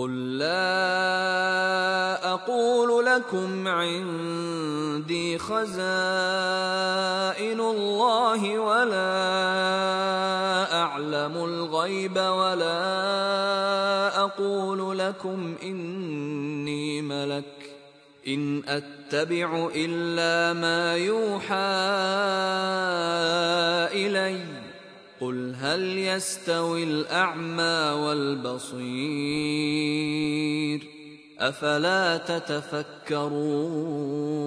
قل لا اقول لكم عندي خزائن الله ولا اعلم الغيب ولا اقول لكم اني ملك ان اتبع الا ما يوحى اليّ قل هل يستوي الأعمى والبصير أفلا تتفكرون